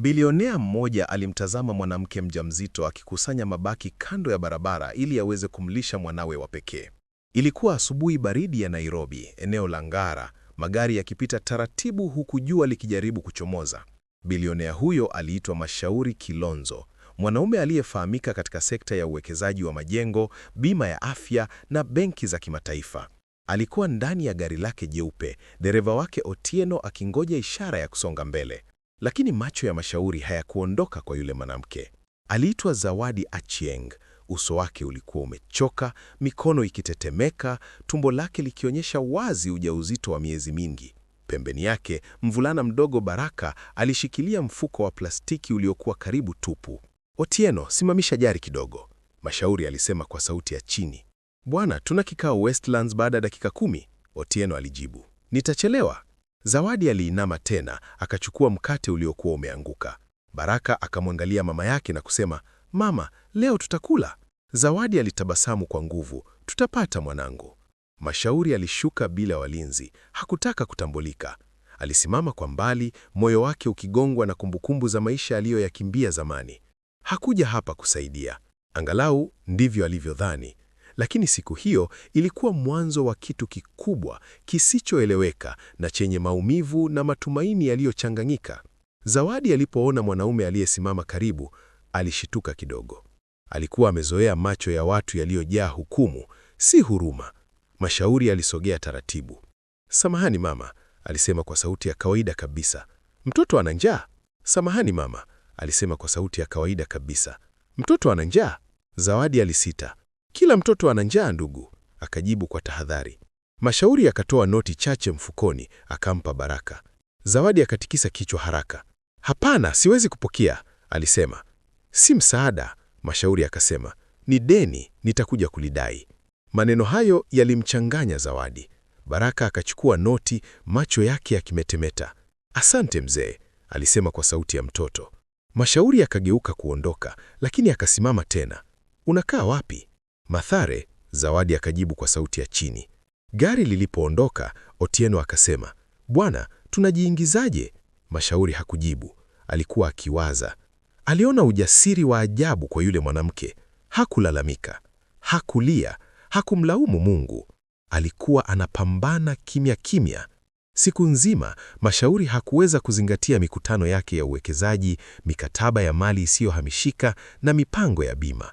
Bilionea mmoja alimtazama mwanamke mjamzito akikusanya mabaki kando ya barabara ili aweze kumlisha mwanawe wa pekee. Ilikuwa asubuhi baridi ya Nairobi, eneo la Ngara, magari yakipita taratibu huku jua likijaribu kuchomoza. Bilionea huyo aliitwa Mashauri Kilonzo, mwanaume aliyefahamika katika sekta ya uwekezaji wa majengo, bima ya afya na benki za kimataifa. Alikuwa ndani ya gari lake jeupe, dereva wake Otieno akingoja ishara ya kusonga mbele. Lakini macho ya Mashauri hayakuondoka kwa yule mwanamke. Aliitwa Zawadi Achieng. Uso wake ulikuwa umechoka, mikono ikitetemeka, tumbo lake likionyesha wazi ujauzito wa miezi mingi. Pembeni yake, mvulana mdogo Baraka alishikilia mfuko wa plastiki uliokuwa karibu tupu. Otieno, simamisha jari kidogo, Mashauri alisema kwa sauti ya chini. Bwana, tuna kikao Westlands baada ya dakika kumi, Otieno alijibu. Nitachelewa. Zawadi aliinama tena akachukua mkate uliokuwa umeanguka. Baraka akamwangalia mama yake na kusema, mama, leo tutakula. Zawadi alitabasamu kwa nguvu, tutapata mwanangu. Mashauri alishuka bila walinzi, hakutaka kutambulika. Alisimama kwa mbali, moyo wake ukigongwa na kumbukumbu za maisha aliyoyakimbia zamani. Hakuja hapa kusaidia, angalau ndivyo alivyodhani. Lakini siku hiyo ilikuwa mwanzo wa kitu kikubwa kisichoeleweka na chenye maumivu na matumaini yaliyochanganyika. Zawadi alipoona mwanaume aliyesimama karibu, alishituka kidogo. Alikuwa amezoea macho ya watu yaliyojaa hukumu, si huruma. Mashauri alisogea taratibu. Samahani mama, alisema kwa sauti ya kawaida kabisa. Mtoto ana njaa. Samahani mama, alisema kwa sauti ya kawaida kabisa. Mtoto ana njaa. Zawadi alisita, kila mtoto ana njaa ndugu, akajibu kwa tahadhari. Mashauri akatoa noti chache mfukoni, akampa Baraka. Zawadi akatikisa kichwa haraka. Hapana, siwezi kupokea, alisema. Si msaada, Mashauri akasema. Ni deni, nitakuja kulidai. Maneno hayo yalimchanganya Zawadi. Baraka akachukua noti, macho yake yakimetemeta. Asante mzee, alisema kwa sauti ya mtoto. Mashauri akageuka kuondoka, lakini akasimama tena. Unakaa wapi? Mathare, Zawadi akajibu kwa sauti ya chini. Gari lilipoondoka, Otieno akasema, bwana, tunajiingizaje? Mashauri hakujibu, alikuwa akiwaza. Aliona ujasiri wa ajabu kwa yule mwanamke. Hakulalamika, hakulia, hakumlaumu Mungu. Alikuwa anapambana kimya kimya. Siku nzima Mashauri hakuweza kuzingatia mikutano yake ya uwekezaji, mikataba ya mali isiyohamishika na mipango ya bima.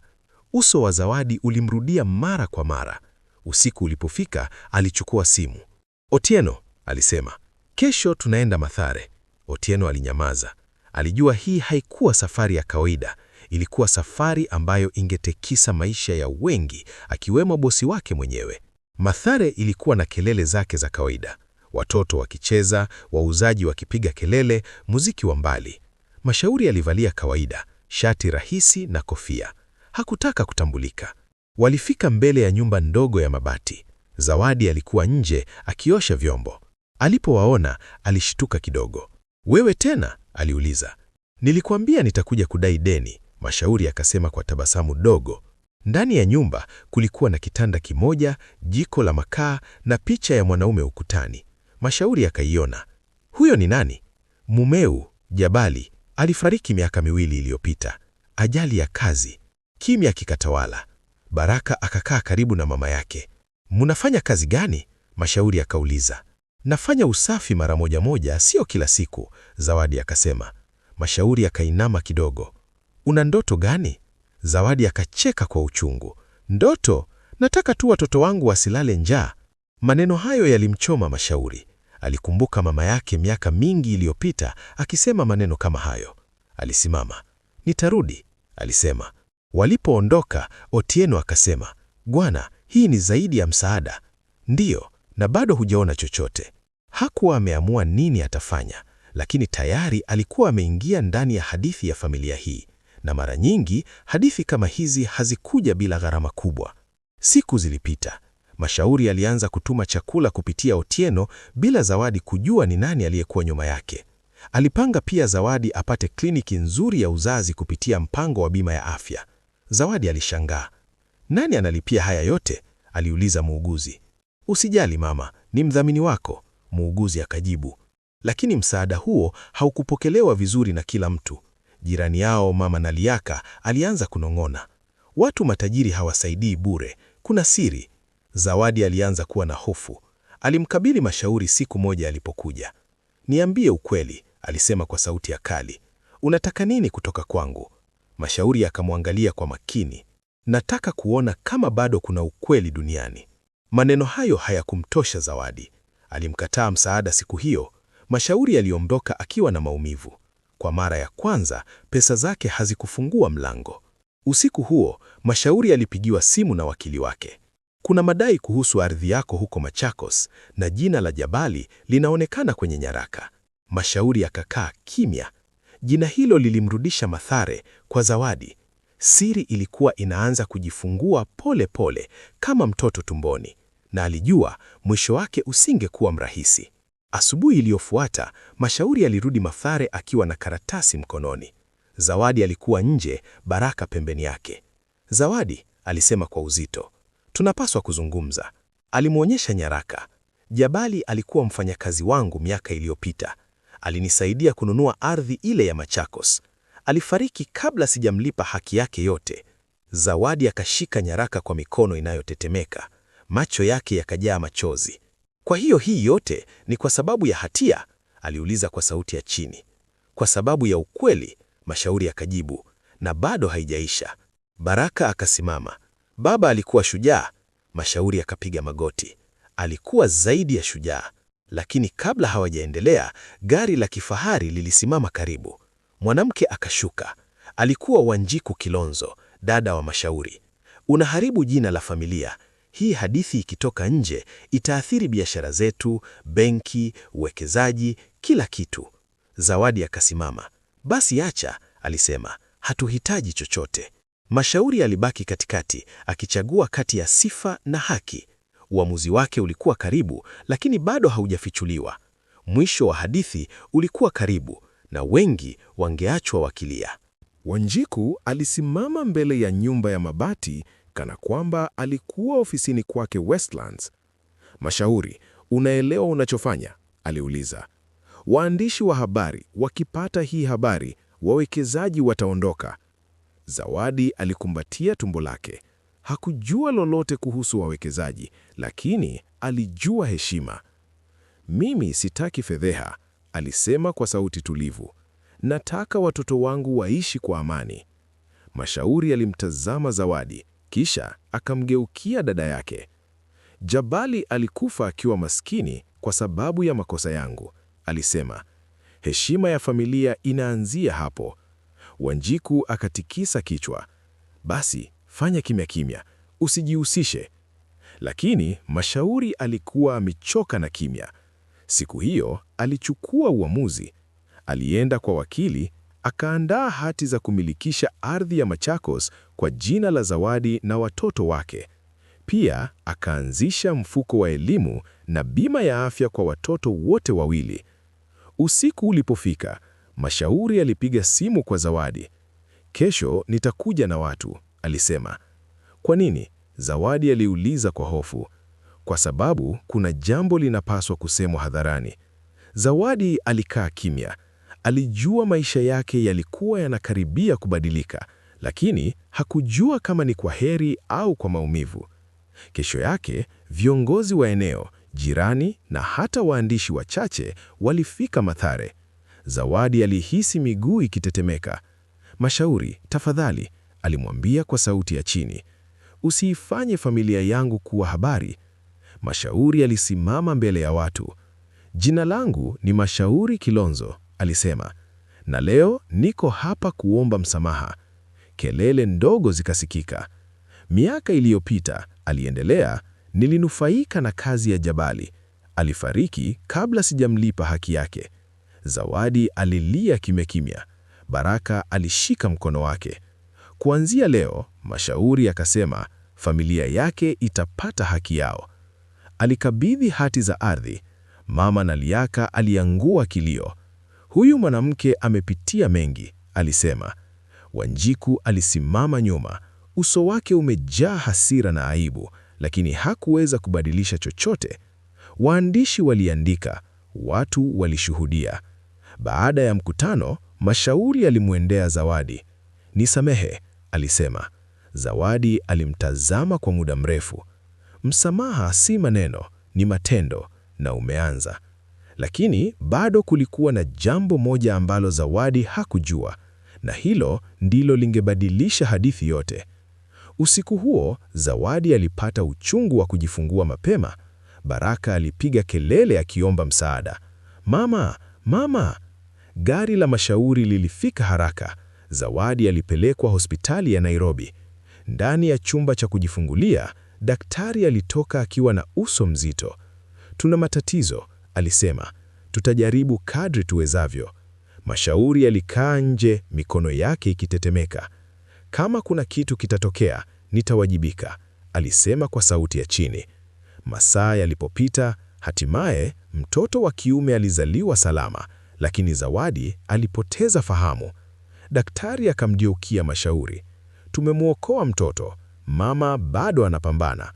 Uso wa Zawadi ulimrudia mara kwa mara. Usiku ulipofika, alichukua simu. Otieno, alisema, kesho tunaenda Mathare. Otieno alinyamaza. Alijua hii haikuwa safari ya kawaida. Ilikuwa safari ambayo ingetekisa maisha ya wengi, akiwemo bosi wake mwenyewe. Mathare ilikuwa na kelele zake za kawaida, watoto wakicheza, wauzaji wakipiga kelele, muziki wa mbali. Mashauri alivalia kawaida, shati rahisi na kofia hakutaka kutambulika. Walifika mbele ya nyumba ndogo ya mabati. Zawadi alikuwa nje akiosha vyombo. Alipowaona alishtuka kidogo. Wewe tena? aliuliza. Nilikuambia nitakuja kudai deni, Mashauri akasema kwa tabasamu dogo. Ndani ya nyumba kulikuwa na kitanda kimoja, jiko la makaa na picha ya mwanaume ukutani. Mashauri akaiona. Huyo ni nani? Mumeu Jabali alifariki miaka miwili iliyopita, ajali ya kazi. Kimya kikatawala. Baraka akakaa karibu na mama yake. mnafanya kazi gani? Mashauri akauliza. Nafanya usafi mara moja moja, sio kila siku, Zawadi akasema. Mashauri akainama kidogo. Una ndoto gani? Zawadi akacheka kwa uchungu. Ndoto? Nataka tu watoto wangu wasilale njaa. Maneno hayo yalimchoma Mashauri. Alikumbuka mama yake miaka mingi iliyopita akisema maneno kama hayo. Alisimama. Nitarudi, alisema. Walipoondoka, Otieno akasema, Bwana, hii ni zaidi ya msaada. Ndiyo, na bado hujaona chochote. Hakuwa ameamua nini atafanya, lakini tayari alikuwa ameingia ndani ya hadithi ya familia hii, na mara nyingi hadithi kama hizi hazikuja bila gharama kubwa. Siku zilipita, Mashauri alianza kutuma chakula kupitia Otieno bila Zawadi kujua ni nani aliyekuwa nyuma yake. Alipanga pia Zawadi apate kliniki nzuri ya uzazi kupitia mpango wa bima ya afya. Zawadi alishangaa. Nani analipia haya yote? aliuliza muuguzi. Usijali mama, ni mdhamini wako, muuguzi akajibu. Lakini msaada huo haukupokelewa vizuri na kila mtu. Jirani yao mama Naliaka alianza kunong'ona, watu matajiri hawasaidii bure, kuna siri. Zawadi alianza kuwa na hofu. Alimkabili Mashauri siku moja alipokuja. Niambie ukweli, alisema kwa sauti ya kali, unataka nini kutoka kwangu? Mashauri akamwangalia kwa makini. Nataka kuona kama bado kuna ukweli duniani. Maneno hayo hayakumtosha Zawadi. Alimkataa msaada siku hiyo. Mashauri aliondoka akiwa na maumivu. Kwa mara ya kwanza, pesa zake hazikufungua mlango. Usiku huo, Mashauri alipigiwa simu na wakili wake. Kuna madai kuhusu ardhi yako huko Machakos na jina la Jabali linaonekana kwenye nyaraka. Mashauri akakaa kimya. Jina hilo lilimrudisha Mathare kwa Zawadi, siri ilikuwa inaanza kujifungua pole pole kama mtoto tumboni, na alijua mwisho wake usingekuwa mrahisi. Asubuhi iliyofuata, Mashauri alirudi Mathare akiwa na karatasi mkononi. Zawadi alikuwa nje, Baraka pembeni yake. Zawadi alisema kwa uzito, tunapaswa kuzungumza. Alimwonyesha nyaraka. Jabali alikuwa mfanyakazi wangu miaka iliyopita, alinisaidia kununua ardhi ile ya Machakos alifariki kabla sijamlipa haki yake yote. Zawadi akashika nyaraka kwa mikono inayotetemeka, macho yake yakajaa machozi. Kwa hiyo hii yote ni kwa sababu ya hatia? aliuliza kwa sauti ya chini. Kwa sababu ya ukweli, Mashauri akajibu, na bado haijaisha. Baraka akasimama. Baba alikuwa shujaa. Mashauri akapiga magoti. Alikuwa zaidi ya shujaa. Lakini kabla hawajaendelea, gari la kifahari lilisimama karibu. Mwanamke akashuka. Alikuwa Wanjiku Kilonzo, dada wa Mashauri. Unaharibu jina la familia. Hii hadithi ikitoka nje itaathiri biashara zetu, benki, uwekezaji, kila kitu. Zawadi akasimama. Basi acha, alisema, hatuhitaji chochote. Mashauri alibaki katikati, akichagua kati ya sifa na haki. Uamuzi wake ulikuwa karibu, lakini bado haujafichuliwa. Mwisho wa hadithi ulikuwa karibu, na wengi wangeachwa wakilia. Wanjiku alisimama mbele ya nyumba ya mabati kana kwamba alikuwa ofisini kwake Westlands. Mashauri, unaelewa unachofanya? aliuliza. Waandishi wa habari wakipata hii habari, wawekezaji wataondoka. Zawadi alikumbatia tumbo lake. Hakujua lolote kuhusu wawekezaji, lakini alijua heshima. Mimi sitaki fedheha, alisema kwa sauti tulivu, nataka watoto wangu waishi kwa amani. Mashauri alimtazama Zawadi, kisha akamgeukia dada yake. Jabali alikufa akiwa maskini kwa sababu ya makosa yangu, alisema. Heshima ya familia inaanzia hapo. Wanjiku akatikisa kichwa. Basi fanya kimya kimya, usijihusishe. Lakini Mashauri alikuwa amechoka na kimya. Siku hiyo alichukua uamuzi. Alienda kwa wakili, akaandaa hati za kumilikisha ardhi ya Machakos kwa jina la Zawadi na watoto wake. Pia akaanzisha mfuko wa elimu na bima ya afya kwa watoto wote wawili. Usiku ulipofika, Mashauri alipiga simu kwa Zawadi. Kesho nitakuja na watu, alisema. Kwa nini? Zawadi aliuliza kwa hofu kwa sababu kuna jambo linapaswa kusemwa hadharani. Zawadi alikaa kimya. Alijua maisha yake yalikuwa yanakaribia kubadilika, lakini hakujua kama ni kwa heri au kwa maumivu. Kesho yake viongozi wa eneo, jirani na hata waandishi wachache walifika Mathare. Zawadi alihisi miguu ikitetemeka. Mashauri, tafadhali, alimwambia kwa sauti ya chini, usiifanye familia yangu kuwa habari, Mashauri alisimama mbele ya watu. Jina langu ni Mashauri Kilonzo, alisema, na leo niko hapa kuomba msamaha. Kelele ndogo zikasikika. Miaka iliyopita, aliendelea, nilinufaika na kazi ya Jabali. Alifariki kabla sijamlipa haki yake. Zawadi alilia kimya kimya. Baraka alishika mkono wake. Kuanzia leo, Mashauri akasema, familia yake itapata haki yao alikabidhi hati za ardhi. Mama Naliaka aliangua kilio. Huyu mwanamke amepitia mengi, alisema. Wanjiku alisimama nyuma, uso wake umejaa hasira na aibu, lakini hakuweza kubadilisha chochote. Waandishi waliandika, watu walishuhudia. Baada ya mkutano, Mashauri alimwendea Zawadi. Nisamehe, alisema. Zawadi alimtazama kwa muda mrefu. Msamaha si maneno, ni matendo, na umeanza. Lakini bado kulikuwa na jambo moja ambalo Zawadi hakujua, na hilo ndilo lingebadilisha hadithi yote. Usiku huo Zawadi alipata uchungu wa kujifungua mapema. Baraka alipiga kelele akiomba msaada, mama, mama! Gari la mashauri lilifika haraka. Zawadi alipelekwa hospitali ya Nairobi. Ndani ya chumba cha kujifungulia Daktari alitoka akiwa na uso mzito. Tuna matatizo, alisema. Tutajaribu kadri tuwezavyo. Mashauri alikaa nje, mikono yake ikitetemeka. Kama kuna kitu kitatokea, nitawajibika, alisema kwa sauti ya chini. Masaa yalipopita, hatimaye mtoto wa kiume alizaliwa salama, lakini Zawadi alipoteza fahamu. Daktari akamgeukia Mashauri. Tumemwokoa mtoto, Mama bado anapambana.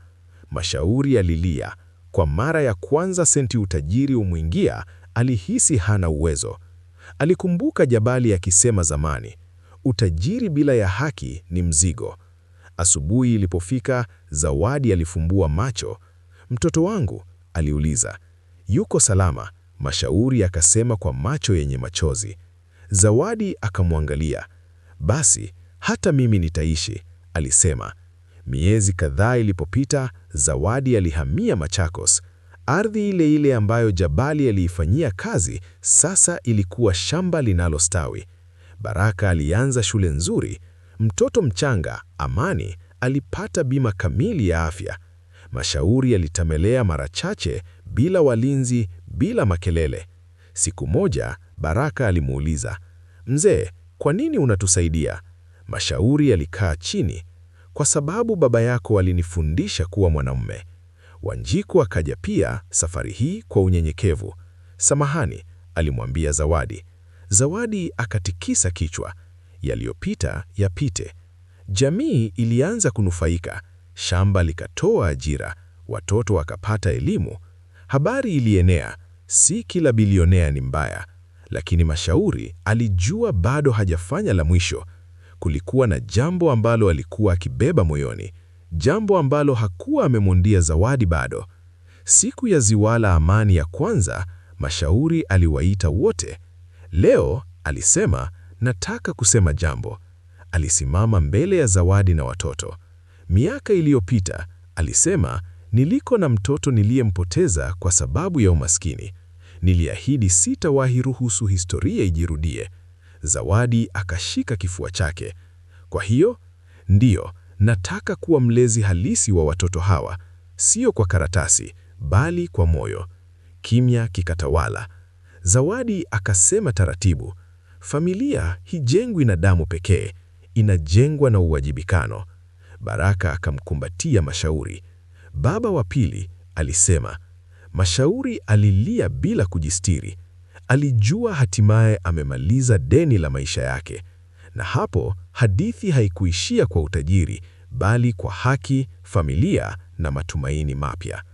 Mashauri lilia Kwa mara ya kwanza senti utajiri umwingia, alihisi hana uwezo. Alikumbuka Jabali akisema zamani, utajiri bila ya haki ni mzigo. Asubuhi ilipofika, Zawadi alifumbua macho. Mtoto wangu, aliuliza, yuko salama? Mashauri akasema kwa macho yenye machozi. Zawadi akamwangalia. Basi hata mimi nitaishi, alisema. Miezi kadhaa ilipopita, Zawadi alihamia Machakos. Ardhi ile ile ambayo Jabali aliifanyia kazi sasa ilikuwa shamba linalostawi. Baraka alianza shule nzuri. Mtoto mchanga Amani alipata bima kamili ya afya. Mashauri yalitamelea mara chache, bila walinzi, bila makelele. Siku moja Baraka alimuuliza, mzee, kwa nini unatusaidia? Mashauri alikaa chini kwa sababu baba yako alinifundisha kuwa mwanamume. Wanjiku akaja pia safari hii kwa unyenyekevu. Samahani, alimwambia Zawadi. Zawadi akatikisa kichwa. Yaliyopita yapite. Jamii ilianza kunufaika, shamba likatoa ajira, watoto wakapata elimu. Habari ilienea, si kila bilionea ni mbaya, lakini Mashauri alijua bado hajafanya la mwisho kulikuwa na jambo ambalo alikuwa akibeba moyoni, jambo ambalo hakuwa amemwondia Zawadi bado. Siku ya ziwala amani ya kwanza, Mashauri aliwaita wote. Leo alisema, nataka kusema jambo. Alisimama mbele ya Zawadi na watoto. Miaka iliyopita alisema, niliko na mtoto niliyempoteza kwa sababu ya umaskini. Niliahidi sitawahi ruhusu historia ijirudie. Zawadi akashika kifua chake. Kwa hiyo ndiyo, nataka kuwa mlezi halisi wa watoto hawa, sio kwa karatasi, bali kwa moyo. Kimya kikatawala. Zawadi akasema taratibu, familia hijengwi na damu pekee, inajengwa na uwajibikano. Baraka akamkumbatia Mashauri. Baba wa pili alisema, Mashauri alilia bila kujistiri. Alijua hatimaye amemaliza deni la maisha yake, na hapo hadithi haikuishia kwa utajiri, bali kwa haki, familia na matumaini mapya.